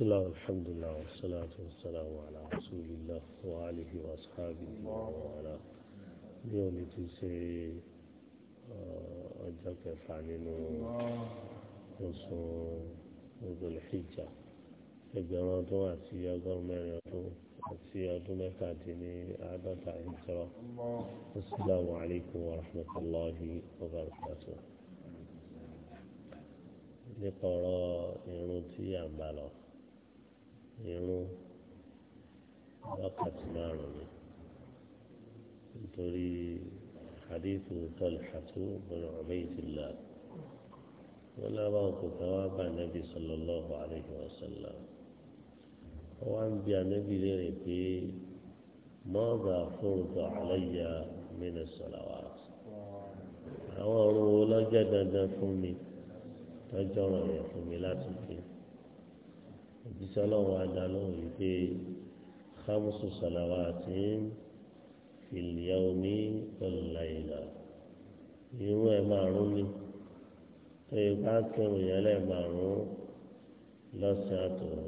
بسم الله والحمد لله والصلاة والسلام على رسول الله وآله وأصحابه وعلى اليوم تسي أجاك فعنين وصول ذو الحجة ẹgbẹ̀rún ọdún àti ọgọ́rùn mẹ́rin ọdún àti ọdún mẹ́tàdínní àádọ́ta ìjọba assalamu alaikum wa rahmatullahi wa barakatuh nípa ọ̀rọ̀ irun tí à ń bá lọ irun wákàtí márùn-ún nítorí hadithu talhatu bin ubaydillah wọn lábàá òkúta wá bá nàbì sallallahu alayhi wa sallam wọn ń bi ànábì léèrè pé mọ́ọ̀dà fúrùtọ̀ àlàyé mínú sọ̀làwà àwọn ọ̀run wo lọ́jọ́ dandan fún mi lọ́jọ́ ọ̀rọ̀ yẹn fún mi láti fi òjíṣẹ́ ọlọ́run adá lóhùn yìí pé khamsu salawatin fil yawmi wal layla irú ẹ̀ márùn ni tó yẹ ká kẹrùn yẹn lẹ́ẹ̀ márùn lọ́sẹ̀ àtòrò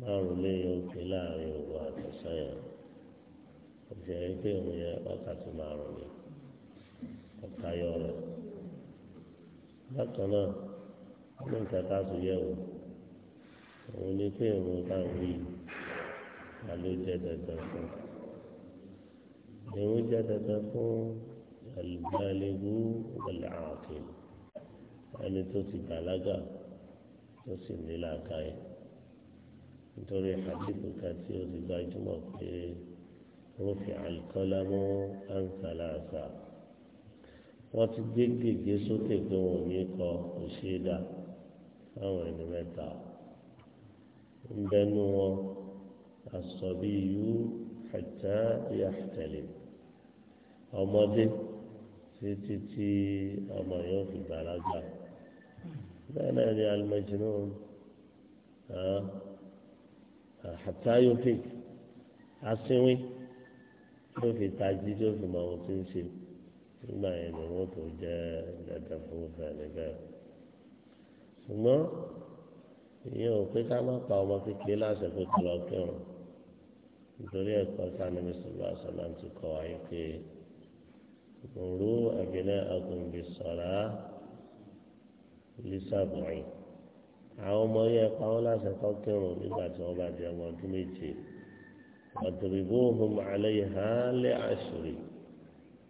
márùn lẹ́yìn òkè láàrin òru àtọ̀sányà òṣèré pé òun yẹ wákàtí márùn ni ọ̀ka rẹ̀ bákan náà ní nǹkan tó yẹ wò òun ni kí èrò bá wí ta ló jẹ́ dandan fún èrò jẹ́ dandan fún àlùbálẹ́gbù ọ̀làkè ẹni tó ti bàlágà tó sì ní làákàyè nítorí àdìgbò kan tí ó ti gbajúmọ̀ pé wọ́n fi àlùkọ́lá mọ́ àǹsàlàǹsà wọ́n ti gbé gègé sókè pé wọn ò ní kọ òṣèdá fáwọn ẹni mẹ́ta ń bẹnu wọn àsọ̀bí yú ẹ̀tá yàtẹ̀lẹ̀ ọmọdé títí tí ọmọ yóò fi bàlágà bẹ́ẹ̀ náà ni alimẹ̀jìnnú ẹ̀tá ah, yóò fi asínwín tó fi tají tó fi mọ ohun tó ń ṣe nígbà yẹn ni wọ́n tó jẹ́ dandan fún fẹ́ẹ́ níbẹ̀ ṣùgbọ́n ìyẹn ò pé ká má pa ọmọ kékeré láṣẹ pé kí lọ kírun nítorí ẹ̀kọ́ sani mùsùlùmí àṣọlá ti kọ́ wáyé pé òru àbílẹ̀ àgùnbí sọ̀rá lísàbọ̀yìn àwọn ọmọ yẹn pa wọn láṣẹ kọ́ kírun nígbà tí wọ́n bá di ọmọ ọdún méje ọ̀dùnrìbó ohun àlẹ́ yìí àṣírí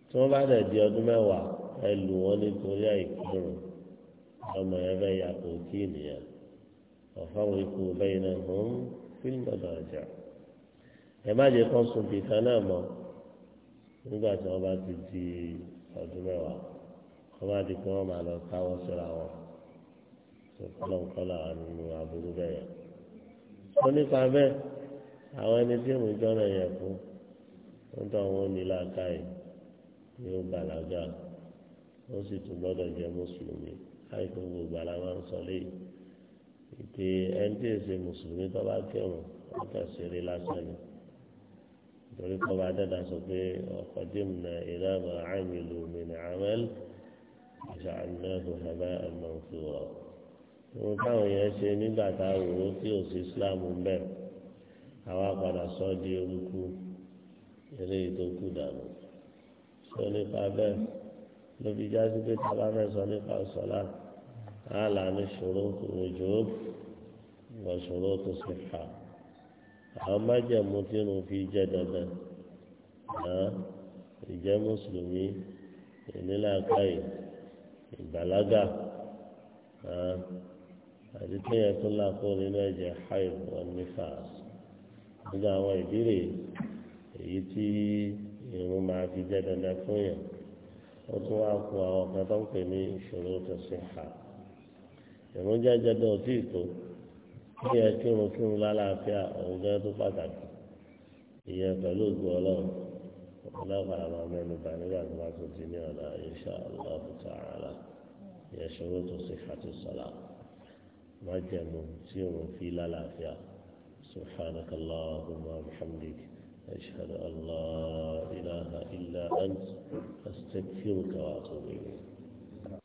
tí wọ́n bá dẹ̀ di ọdún mẹ́wàá ẹ lù wọ́n nítorí àìkírun ọmọ yẹn fẹ́ yàtọ̀ kí nìyẹn. وفرقوا بينهم في المضاجع ẹ̀ma jẹ́ kán sun bìtá náà mọ́ nígbà tí wọ́n bá ti di ọdún mẹ́wàá wọ́n bá di pé wọ́n máa lọ káwọ́ síra wọn kọ́lọ́nkọ́lọ́ àwọn nínú aburú bẹ́ẹ̀ wọ́n nípa bẹ́ẹ̀ àwọn ẹni tí mò ń jọ́nà yẹn fún wọ́n tó àwọn onílàákàyè ni ó bàlágà ó sì tún gbọ́dọ̀ jẹ́ mùsùlùmí láìpẹ́ gbogbo àlàmà sọ léyìí ìpè ẹni tí èsè mùsùlùmí tó bá kírun ó kẹsìrì lásán ni torí kọ́ bá dẹ́dà sọ pé ọkọ̀ dìm na ìlà mà ámìlú mi ní amẹ́l ìṣà àmìlẹ́kùn sábà àmọ̀fúrọ̀. ohun táwọn yẹn ṣe nígbà táwọn ò tí ò sí islam ń bẹ̀ àwa padà sọ di orúkú eléyìí tó kù dànù. sọ nípa bẹ́ẹ̀ ló fi pé tábà nípa sọ́lá. أعلى شروط الوجوب وشروط الصحة أما جمتين في جددا ìjẹ́ mùsùlùmí ìnílàkàyè ìgbàlágà àti kéèyàn tó lákó nínú ẹ̀jẹ̀ haid onifas nígbà àwọn ìbéèrè èyí tí irun máa fi jẹ́ dandan fún yàn ó tún wá kó àwọn kan tó ń pè ní ìṣòro tó ṣe hà. ìrúnjẹ jẹdọ ọtí ìtò kí ẹ kí kí kírun lálàáfíà ọ̀hún gẹ́gẹ́ tó pàtàkì ìyẹn pẹ̀lú ògùn ọlọ́run ọlọ́pàá àwọn mẹ́nu bá nígbà tó bá tó di ní ọ̀la insha Allah ta'ala ìyẹn ṣòro tó ṣe fàtí sọ̀la má jẹ̀mú tí òun fi lálàáfíà سبحانك اللهم وبحمدك أشهد أن لا إله إلا أنت أستغفرك وأتوب إليك